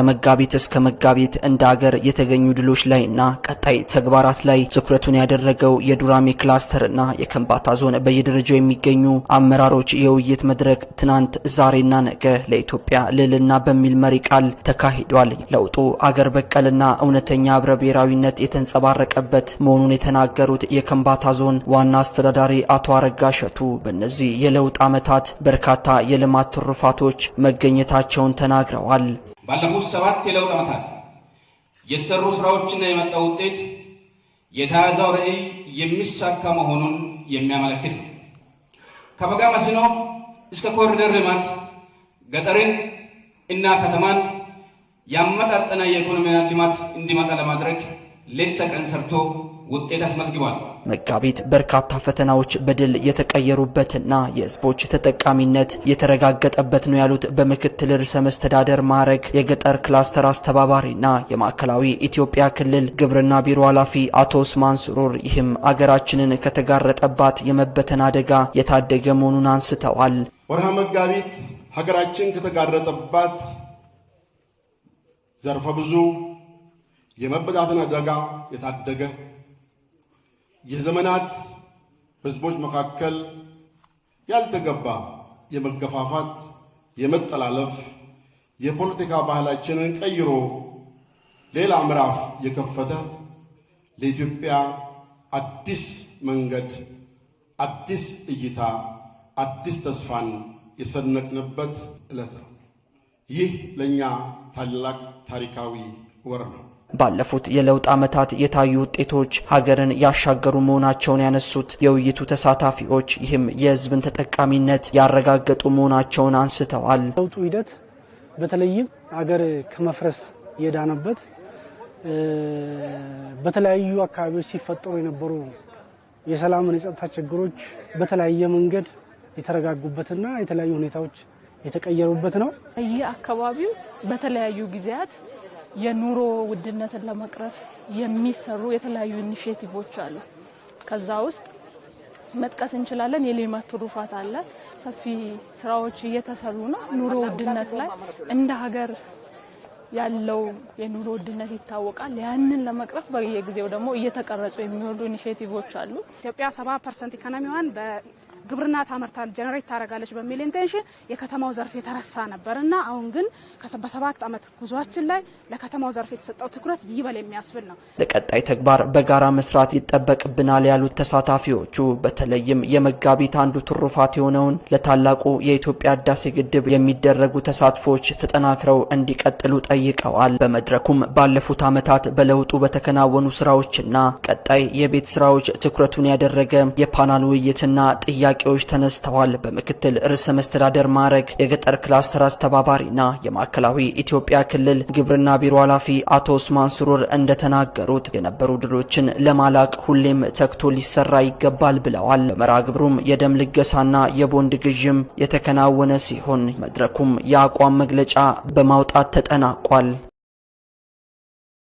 ከመጋቢት እስከ መጋቢት እንደ አገር የተገኙ ድሎች ላይና ቀጣይ ተግባራት ላይ ትኩረቱን ያደረገው የዱራሜ ክላስተርና የከምባታ ዞን በየደረጃው የሚገኙ አመራሮች የውይይት መድረክ ትናንት ዛሬና ነገ ለኢትዮጵያ ልዕልና በሚል መሪ ቃል ተካሂዷል። ለውጡ አገር በቀልና እውነተኛ ህብረ ብሔራዊነት የተንጸባረቀበት መሆኑን የተናገሩት የከምባታ ዞን ዋና አስተዳዳሪ አቶ አረጋ ሸቱ በእነዚህ የለውጥ ዓመታት በርካታ የልማት ትሩፋቶች መገኘታቸውን ተናግረዋል። ባለፉት ሰባት የለውጥ ዓመታት የተሰሩ ስራዎችና የመጣው ውጤት የተያዘው ራዕይ የሚሳካ መሆኑን የሚያመለክት ነው። ከበጋ መስኖ እስከ ኮሪደር ልማት ገጠርን እና ከተማን ያመጣጠነ የኢኮኖሚ ልማት እንዲመጣ ለማድረግ ሌት ተቀን ሰርቶ ውጤት አስመዝግቧል። መጋቢት በርካታ ፈተናዎች በድል የተቀየሩበትና የህዝቦች ተጠቃሚነት የተረጋገጠበት ነው ያሉት በምክትል ርዕሰ መስተዳደር ማዕረግ የገጠር ክላስተር አስተባባሪና የማዕከላዊ ኢትዮጵያ ክልል ግብርና ቢሮ ኃላፊ አቶ ኡስማን ስሩር፣ ይህም አገራችንን ከተጋረጠባት የመበተን አደጋ የታደገ መሆኑን አንስተዋል። ወርሃ መጋቢት ሀገራችን ከተጋረጠባት ዘርፈ ብዙ የመበታተን አደጋ የታደገ የዘመናት ህዝቦች መካከል ያልተገባ የመገፋፋት፣ የመጠላለፍ የፖለቲካ ባህላችንን ቀይሮ ሌላ ምዕራፍ የከፈተ ለኢትዮጵያ አዲስ መንገድ፣ አዲስ እይታ፣ አዲስ ተስፋን የሰነቅንበት ዕለት ነው። ይህ ለእኛ ታላቅ ታሪካዊ ወር ነው። ባለፉት የለውጥ ዓመታት የታዩ ውጤቶች ሀገርን ያሻገሩ መሆናቸውን ያነሱት የውይይቱ ተሳታፊዎች ይህም የህዝብን ተጠቃሚነት ያረጋገጡ መሆናቸውን አንስተዋል። ለውጡ ሂደት በተለይም ሀገር ከመፍረስ የዳነበት በተለያዩ አካባቢዎች ሲፈጠሩ የነበሩ የሰላምን የጸጥታ ችግሮች በተለያየ መንገድ የተረጋጉበትና የተለያዩ ሁኔታዎች የተቀየሩበት ነው። ይህ አካባቢው በተለያዩ ጊዜያት የኑሮ ውድነትን ለመቅረፍ የሚሰሩ የተለያዩ ኢኒሽቲቮች አሉ። ከዛ ውስጥ መጥቀስ እንችላለን። የሌማት ትሩፋት አለ። ሰፊ ስራዎች እየተሰሩ ነው። ኑሮ ውድነት ላይ እንደ ሀገር ያለው የኑሮ ውድነት ይታወቃል። ያንን ለመቅረፍ በየጊዜው ደግሞ እየተቀረጹ የሚወዱ ኢኒሽቲቮች አሉ። ኢትዮጵያ ሰባ ፐርሰንት ኢኮኖሚዋን ግብርና ታመርታል ጀነሬት ታደርጋለች በሚል ኢንቴንሽን የከተማው ዘርፍ የተረሳ ነበር እና አሁን ግን በሰባት ዓመት ጉዟችን ላይ ለከተማው ዘርፍ የተሰጠው ትኩረት ይበል የሚያስብል ነው። ለቀጣይ ተግባር በጋራ መስራት ይጠበቅብናል ያሉት ተሳታፊዎቹ በተለይም የመጋቢት አንዱ ትሩፋት የሆነውን ለታላቁ የኢትዮጵያ ህዳሴ ግድብ የሚደረጉ ተሳትፎች ተጠናክረው እንዲቀጥሉ ጠይቀዋል። በመድረኩም ባለፉት ዓመታት በለውጡ በተከናወኑ ስራዎችና ቀጣይ የቤት ስራዎች ትኩረቱን ያደረገ የፓናል ውይይትና ጥያቄ ጥያቄዎች ተነስተዋል። በምክትል ርዕሰ መስተዳደር ማዕረግ የገጠር ክላስተር አስተባባሪና የማዕከላዊ ኢትዮጵያ ክልል ግብርና ቢሮ ኃላፊ አቶ ኡስማን ስሩር እንደተናገሩት የነበሩ ድሎችን ለማላቅ ሁሌም ተግቶ ሊሰራ ይገባል ብለዋል። በመርሃ ግብሩም የደም ልገሳና የቦንድ ግዥም የተከናወነ ሲሆን መድረኩም የአቋም መግለጫ በማውጣት ተጠናቋል።